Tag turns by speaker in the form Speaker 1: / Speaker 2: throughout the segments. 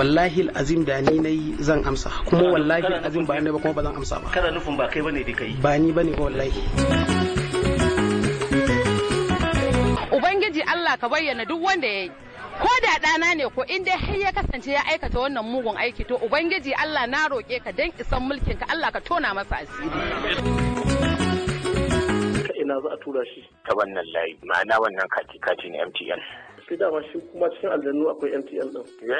Speaker 1: wallahi azim da ni nayi zan amsa kuma wallahi azim ba ni ba kuma ba zan amsa ba kana nufin ba kai bane da kai ba ni bane wallahi
Speaker 2: ubangiji Allah ka bayyana duk wanda yayi ko da dana ne ko in dai har ya kasance ya aikata wannan mugun aiki to ubangiji Allah na roƙe ka dan isan mulkin ka Allah ka tona masa asiri
Speaker 3: ina za a tura shi ta wannan layi ma'ana wannan kati kati ne mtn sai dama shi kuma cikin aljannu akwai MTN din.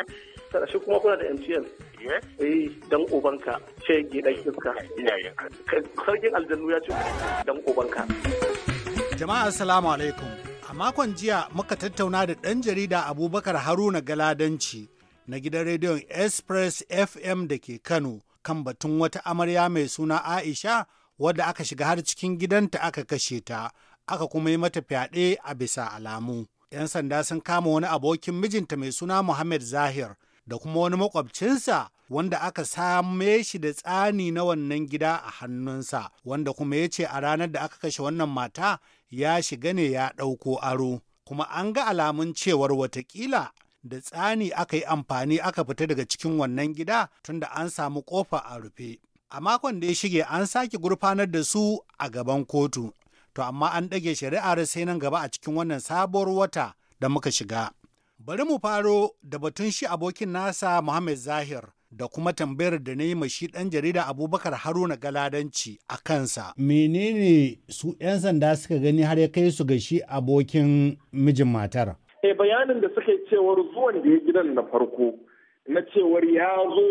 Speaker 3: Sana shi kuma kuna da MTN. Eh dan ubanka ce dan iska. Sarkin aljannu ya ce dan ubanka.
Speaker 4: Jama'a assalamu alaikum. A makon jiya muka tattauna da ɗan jarida Abubakar Haruna Galadanci na gidan rediyon Express FM da ke Kano kan batun wata amarya mai suna Aisha wadda aka shiga har cikin gidanta aka kashe ta, aka kuma yi mata fyaɗe a bisa alamu. 'yan sanda sun kama wani abokin mijinta mai suna Muhammad Zahir da kuma wani makwabcinsa wanda aka same shi da tsani na wannan gida a hannunsa wanda kuma ya ce a ranar da aka kashe wannan mata ya shiga ne ya ɗauko aro kuma an ga alamun cewar watakila da tsani aka yi amfani aka fita daga cikin wannan gida tunda an samu kofa a rufe. A makon da ya shige an sake gurfanar da su a gaban kotu to amma an ɗage shari'ar sai nan gaba a cikin wannan sabuwar wata da muka shiga. Bari mu faro da batun shi abokin nasa Muhammad Zahir da kuma tambayar da na yi mashi ɗan jarida Abubakar Haruna Galadanci a kansa. Menene su 'yan sanda suka gani har ya kai su ga shi abokin mijin matar?
Speaker 5: Eh bayanin da suka yi cewar zuwan da ya gidan na farko na cewar ya zo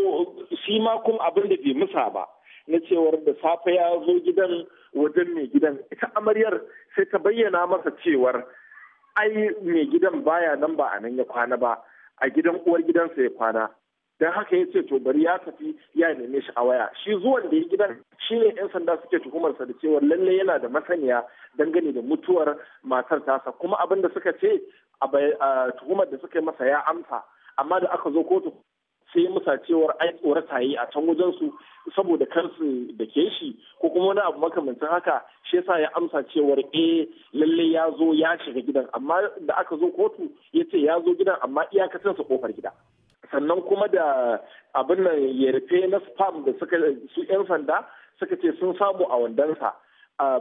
Speaker 5: shi ma kuma abin da bai musa ba. na cewar da safe ya zo gidan wajen mai gidan ita amaryar sai ta bayyana masa cewar ai mai gidan baya nan ba a nan ya kwana ba a gidan uwar gidansa ya kwana don haka ya ce to bari ya tafi ya neme shi a waya shi zuwan da ya gidan shi ne yan sanda suke tuhumarsa da cewar lalle yana da masaniya dangane da mutuwar matar tasa kuma abin da suka ce a tuhumar da suka yi masa ya amsa amma da aka zo kotu sai ya musa cewar ai tsorata yi a can wajen su saboda kar su da ke shi ko kuma wani abu makamancin haka shi yasa ya amsa cewar eh lalle ya zo ya shiga gidan amma da aka zo kotu ya ce ya zo gidan amma iyakacin sa kofar gida sannan kuma da abin nan ya rufe na spam da suka su yan sanda suka ce sun samu a wandonsa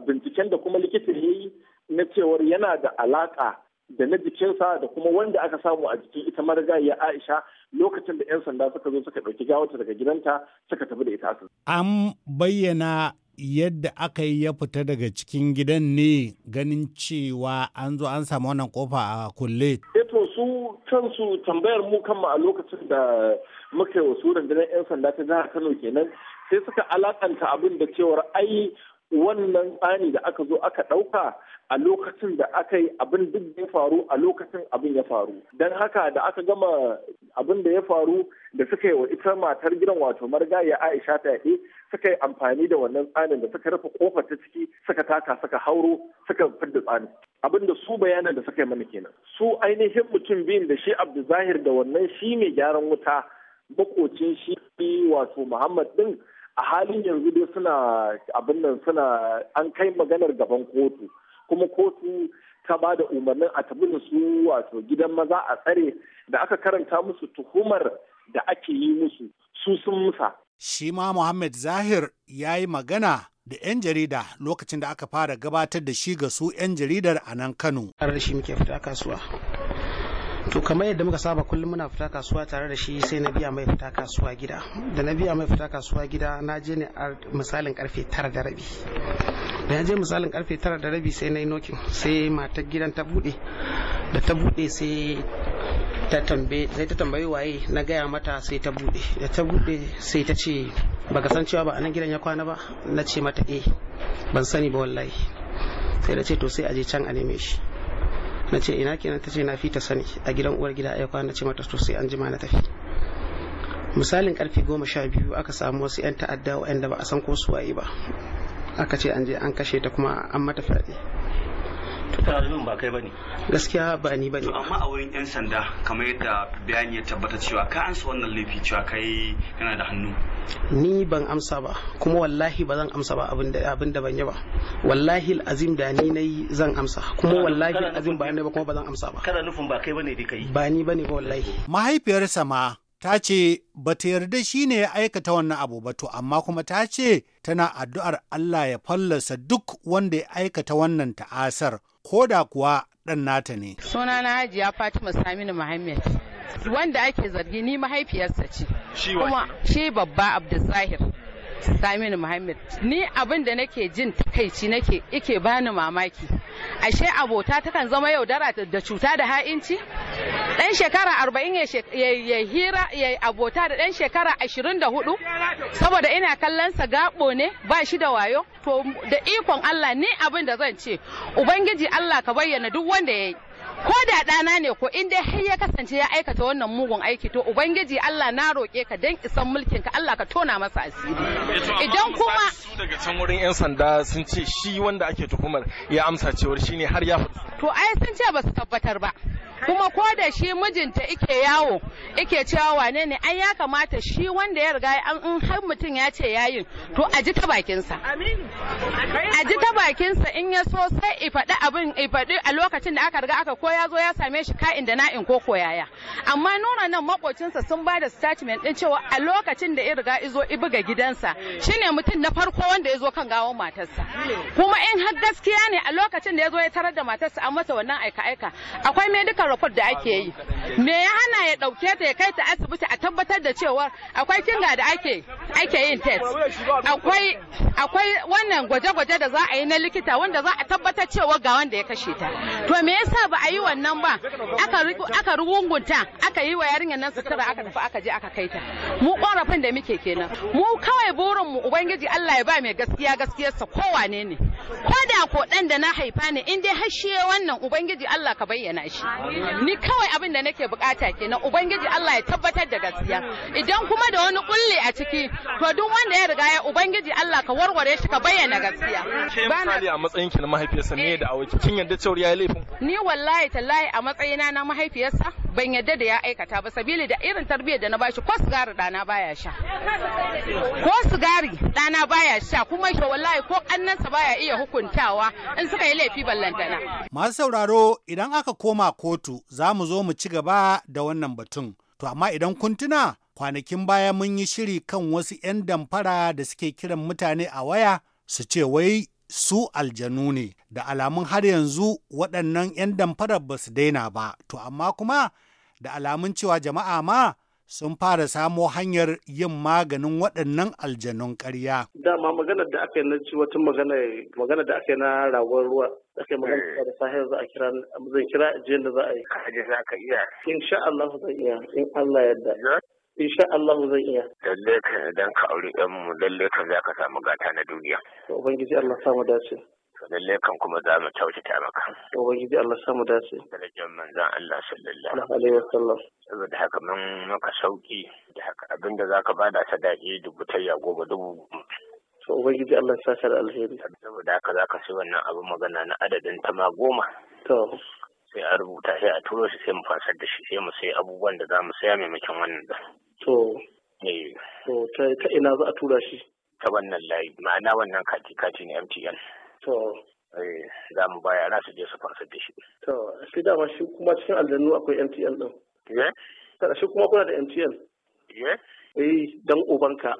Speaker 5: binciken da kuma likita ya yi na cewar yana da alaka da na jikinsa da kuma wanda aka samu a jikin ita marigayya Aisha lokacin da 'yan sanda suka zo suka ɗauki gawata daga gidanta suka tafi da ita asibiti.
Speaker 4: An bayyana yadda aka yi ya fita daga cikin gidan ne ganin cewa an zo an samu wannan kofa a kulle.
Speaker 5: Eto eh su kansu tambayar mu kanmu a lokacin da muka yi wasu rundunar 'yan sanda ta jihar Kano kenan sai suka alakanta abin da cewar ai wannan tsani da aka zo aka ɗauka a lokacin da aka yi abin duk ya faru a lokacin abin ya faru don haka da aka gama abin da ya faru da suka yi wa ita matar gidan wato margaya aisha ta yaɗe suka yi amfani da wannan tsanin da suka rufe kofar ta ciki suka taka suka hauro suka fidda tsani. abin da su bayanan da suka yi mana kenan su ainihin mutum biyun da shi abdulzahir da wannan shi mai gyaran wuta makocin shi wato muhammad ɗin. a halin yanzu dai suna abin nan suna an kai maganar gaban kotu kuma kotu ta ba da umarnin a tabi da su wato gidan maza a tsare da aka karanta musu tuhumar da ake yi musu su sun musa.
Speaker 4: Shi ma Muhammad Zahir ya yi magana da 'yan jarida lokacin da aka fara gabatar da shi ga su
Speaker 1: 'yan jaridar a nan Kano. Har muke fita kasuwa to kamar yadda muka saba kullum muna fita kasuwa tare da shi sai na biya mai fita kasuwa gida da na biya mai fita kasuwa gida na je ne misalin karfe tara da rabi da ya je misalin karfe tara da rabi sai na yi nokin sai matar gidan ta bude da ta bude sai ta tambaye sai ta tambayi waye na gaya mata sai ta bude da ta bude sai ta ce baka san cewa ba anan gidan ya kwana ba na ce mata eh ban sani ba wallahi sai da ce to sai a je can a neme shi na ce ina kenan ta ce na fi ta sani a gidan uwar gida ya kwana ce mata sosai sai an jima na tafi misalin karfe goma sha biyu aka samu wasu 'yan ta'adda waɗanda ba a san ko suwaye ba aka ce an je an kashe ta kuma an mata fyaɗe kana nufin ba kai bane gaskiya ba ni bane amma
Speaker 3: a wurin yan sanda kamar yadda bayani ya tabbata cewa ka ansa wannan laifi cewa kai kana da hannu
Speaker 1: ni ban amsa ba kuma wallahi ba zan amsa ba abin da ban yi ba wallahi azim da ni nayi zan amsa kuma wallahi azim ba ni ba kuma ba zan amsa ba kana nufin ba kai bane dai kai ba ni bane ba
Speaker 4: wallahi mahaifiyarsa ma ta ce ba ta yarda shi ne ya aikata wannan abu ba to amma kuma ta ce tana addu'ar Allah ya fallasa duk wanda ya aikata wannan ta'asar ko da kuwa ɗan nata ne.
Speaker 2: Suna na Hajiya Fatima Saminu Muhammad. Wanda ake zargi ni mahaifiyarsa ce. Shi Kuma shi babba Abdulzahir Saminu Muhammad. Ni abin da nake jin takaici nake ike bani mamaki. Ashe abota takan zama yaudara da cuta da ha'inci? dan shekara arba'in ya hira ya abota da dan shekara ashirin da hudu saboda ina kallon sa gabo ne ba shi da wayo to da ikon Allah ne abin da zan ce ubangiji Allah ka bayyana duk wanda ya yi ko da ɗana ne ko in dai har ya kasance ya aikata wannan mugun aiki to ubangiji Allah na roƙe ka dan isan mulkin ka Allah ka tona masa asiri eh, idan kuma su
Speaker 5: daga can wurin yan sanda sun ce shi wanda ake tuhumar ya amsa cewar shine har ya
Speaker 2: to ai sun ce ba su tabbatar ba kuma ko da shi mijinta ike yawo ike cewa wane ne ai ya kamata shi wanda ya riga an in har mutum ya ce yayin to a ji ta bakinsa a ji ta bakinsa in ya so sai i faɗi abin i faɗi a lokacin da aka riga aka ko ya zo ya same shi ka'in da na'in ko ko yaya amma nuna nan makocinsa sun ba da statement din cewa a lokacin da ya riga izo buga gidansa shine mutum na farko wanda ya zo kan gawon matarsa kuma in har gaskiya ne a lokacin da ya zo ya tarar da matarsa an masa wannan aika aika akwai medical report da ake yi me ya hana ya dauke ta ya kai ta asibiti a tabbatar da cewa akwai kinga da ake ake yin test akwai akwai wannan gwaje-gwaje da za a yi na likita wanda za a tabbatar cewa ga wanda ya kashe ta to me yasa ba a yi yi wannan ba aka rungunta aka yi wa yarinyar nan sutura aka tafi aka je aka kai ta mu korafin da muke kenan mu kawai burin mu ubangiji Allah ya ba mai gaskiya gaskiyarsa kowane ne ko da ko dan da na haifa ne in dai har hashe wannan ubangiji Allah ka bayyana shi ni kawai abin da nake bukata kenan ubangiji Allah ya tabbatar da gaskiya idan kuma da wani kulle a ciki to duk wanda ya riga ya ubangiji Allah ka warware shi ka bayyana gaskiya
Speaker 5: bana a matsayin ki na mahaifiyarsa ne da kin yarda cewa ya laifin
Speaker 2: ni wallahi tallahi a matsayina na mahaifiyarsa ban yadda da ya aikata ba sabili da irin tarbiyyar da na bashi ko sigari dana baya sha ko sigari dana baya sha kuma shi wallahi ko annansa baya iya hukuntawa in suka yi laifi ballantana
Speaker 4: masu sauraro idan aka koma kotu za mu zo mu ci gaba da wannan batun to amma idan kun tuna kwanakin baya mun yi shiri kan wasu 'yan damfara da suke kiran mutane a waya su ce wai su aljanu ne da alamun har yanzu waɗannan 'yan damfarar ba su daina ba to amma kuma da alamun cewa jama'a ma sun fara samo hanyar yin maganin waɗannan aljanun ƙarya.
Speaker 3: Dama magana da aka yi na ci wata magana magana da aka yi na ragon ruwa aka yi magana eh. da sahiyar za a kira zan kira jiyan da za a yi. Kaje za ka iya. In sha Allah zan iya in Allah yadda. sha Allah zan iya. Lalle ka idan ka aure ɗan mu lalle ka za ka samu gata na duniya. Ubangiji Allah samu dace. to lalle kan kuma za mu kyautata maka to ubangiji Allah samu dace Dalajen manzan Allah sallallahu alaihi wasallam saboda haka mun maka sauki da haka abinda zaka bada sadaki dubu tayya goma dubu to ubangiji Allah sa saka da alheri saboda haka zaka sai wannan abin magana na adadin ta ma goma to sai a rubuta sai a turo shi sai mu fasar da shi sai mu sai abubuwan da za mu saya maimakon wannan da to eh to ta ina za a tura shi ta wannan layi ma'ana wannan kati kati ne MTN to eh, za mu baya na su je su fansar da shi to sai dama shi kuma cikin aljannu akwai MTN din ye eh? shi kuma kuna da MTN ye eh? eh dan ubanka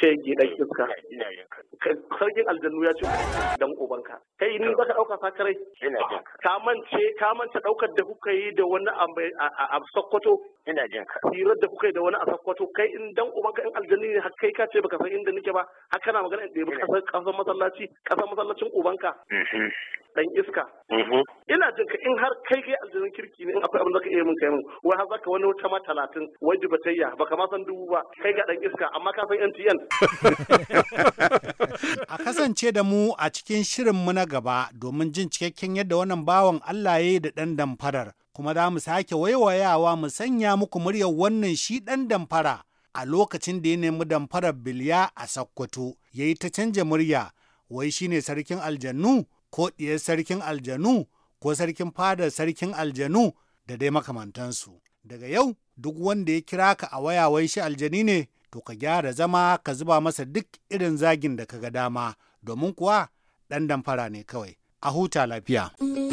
Speaker 3: shege dan iska sarkin aljannu ya ce dan ubanka kai ni baka dauka fakarai ka mance ka mance daukar da kuka yi da wani a Sokoto ina jin ka da kuka yi da wani a Sokoto kai in dan ubanka in aljannu ne kai ka ce baka san inda nake ba har kana magana da ba san kasan masallaci kasan masallacin ubanka mm-hmm. dan iska mm-hmm. ina jin ka in har kai kai aljannin kirki ne in akwai abin da ka iya min kai min wai har zaka wani wata ma talatin wai dubatayya baka ma san dubu ba kai ga dan iska amma ka san MTN
Speaker 4: A kasance da mu a cikin shirinmu na gaba domin jin cikakken yadda wannan bawan Allah ya yi da ɗan damfarar, kuma za mu sake waiwayawa mu sanya muku muryar wannan shi ɗan damfara a lokacin da ya nemi damfarar bilya a Sokoto, ya yi ta canja murya, wai shi ne sarkin aljanu ko ɗiyar sarkin aljanu ko sarkin fadar sarkin aljanu da dai makamantansu. Daga yau, duk wanda ya kira ka a waya wai shi aljani ne to ka gyara zama ka zuba masa duk irin zagin da ka ga dama domin kuwa ɗan damfara ne kawai a huta lafiya.